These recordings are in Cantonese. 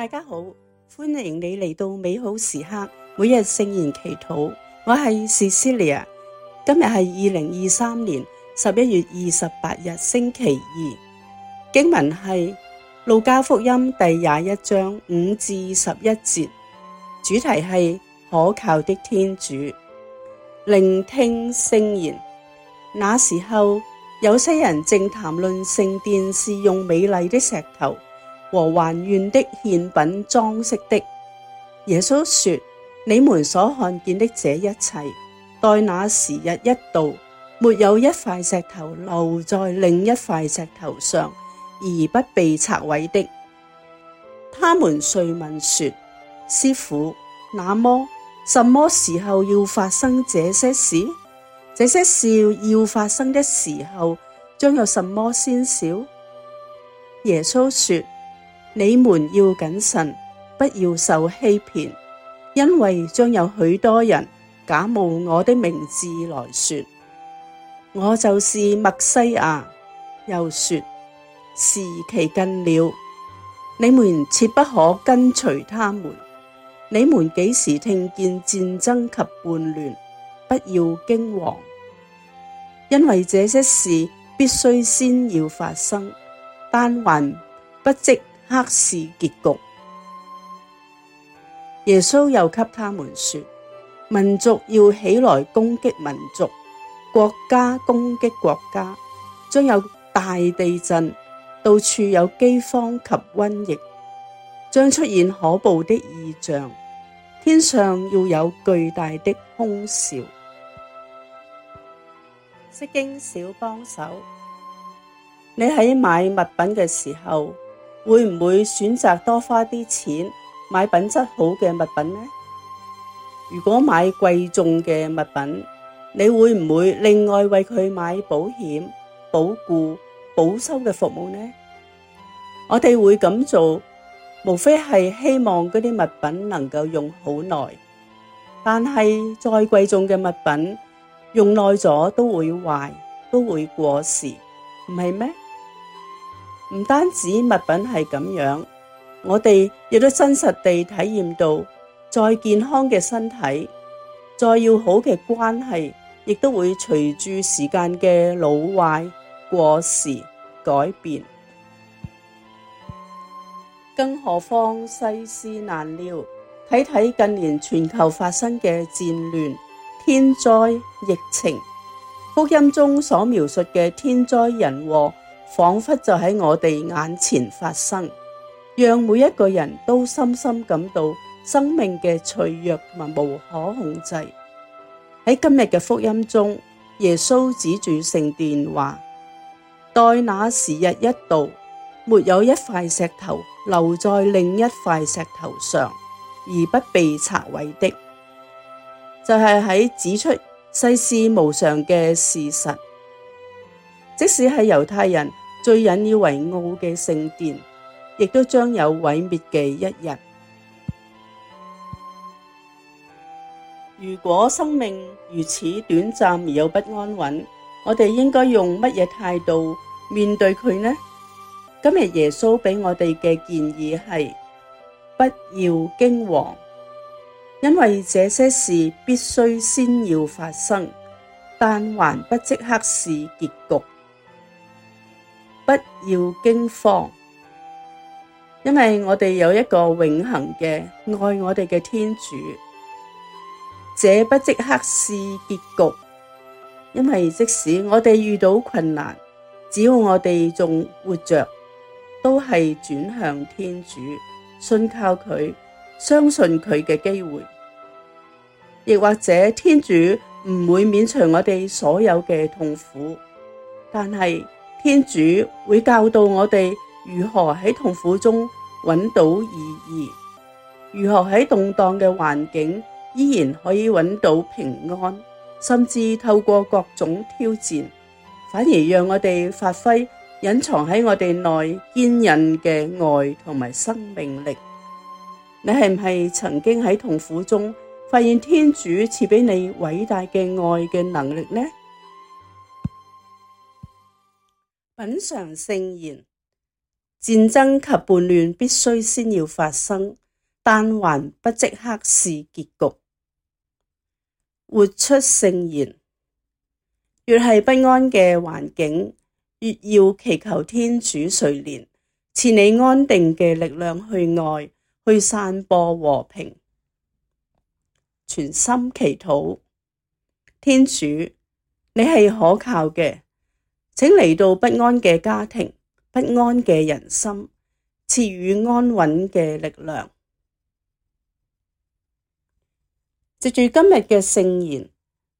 大家好，歡迎你嚟到美好時刻，每日聖言祈禱。我係 Cecilia，今日係二零二三年十一月二十八日，星期二。經文係路加福音第廿一章五至十一節，主題係可靠的天主。聆聽聖言，那時候，有些人正談論聖殿是用美麗的石頭，和還願的獻品裝飾的。耶穌說：你們所看見的這一切，待那時日一到，沒有一塊石頭留在另一塊石頭上而不被拆毀的。他們遂問說：師傅，那麼什麼時候要發生這些事？這些事要發生的時候，將有什麼先兆？耶穌說：你們要謹慎，不要受欺騙，因為將有許多人假冒我的名字來説我就是默西亞。又説時期近了，你們切不可跟隨他們。你們幾時聽見戰爭及叛亂，不要驚惶，因為這些事必須先要發生，但還不即。黑市結局。耶穌又給他們說：民族要起來攻擊民族，國家攻擊國家，將有大地震，到處有饑荒及瘟疫，將出現可怖的異象，天上要有巨大的凶兆。釋經小幫手，你喺買物品嘅時候。會唔會選擇多花啲錢買品質好嘅物品呢？如果買貴重嘅物品，你會唔會另外為佢買保險、保固、保修嘅服務呢？我哋會咁做，無非係希望嗰啲物品能夠用好耐。但係再貴重嘅物品，用耐咗都會壞，都會過時，唔係咩？唔單止物品係咁樣，我哋亦都真實地體驗到，再健康嘅身體，再要好嘅關係，亦都會隨住時間嘅老壞、過時、改變。更何況世事難料，睇睇近年全球發生嘅戰亂、天災、疫情，福音中所描述嘅天災人禍。仿佛就喺我哋眼前發生，讓每一個人都深深感到生命嘅脆弱同埋無可控制。喺今日嘅福音中，耶穌指住聖殿話：待那時日一到，沒有一塊石頭留在另一塊石頭上，而不被拆毀的，就係喺指出世事無常嘅事實，即使係猶太人。最引以為傲嘅聖殿，亦都將有毀滅嘅一日。如果生命如此短暫而又不安穩，我哋應該用乜嘢態度面對佢呢？今日耶穌俾我哋嘅建議係：不要驚惶，因為這些事必須先要發生，但還不即刻是結局。不要驚慌，因為我哋有一個永恒嘅愛我哋嘅天主。這不即刻是結局，因為即使我哋遇到困難，只要我哋仲活着，都係轉向天主，信靠佢，相信佢嘅機會。亦或者天主唔會免除我哋所有嘅痛苦，但係，天主會教導我哋如何喺痛苦中揾到意義，如何喺動盪嘅環境依然可以揾到平安，甚至透過各種挑戰，反而讓我哋發揮隱藏喺我哋內堅韌嘅愛同埋生命力。你係唔係曾經喺痛苦中發現天主賜俾你偉大嘅愛嘅能力呢？品嚐聖言，戰爭及叛亂必須先要發生，但還不即刻是結局。活出聖言，越係不安嘅環境，越要祈求天主垂憐，賜你安定嘅力量去愛、去散播和平。全心祈禱，天主，你係可靠嘅。請嚟到不安嘅家庭、不安嘅人心，賜予安穩嘅力量。藉住今日嘅聖言，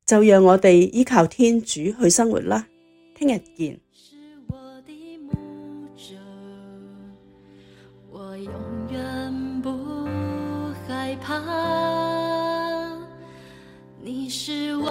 就讓我哋依靠天主去生活啦。聽日見。你是我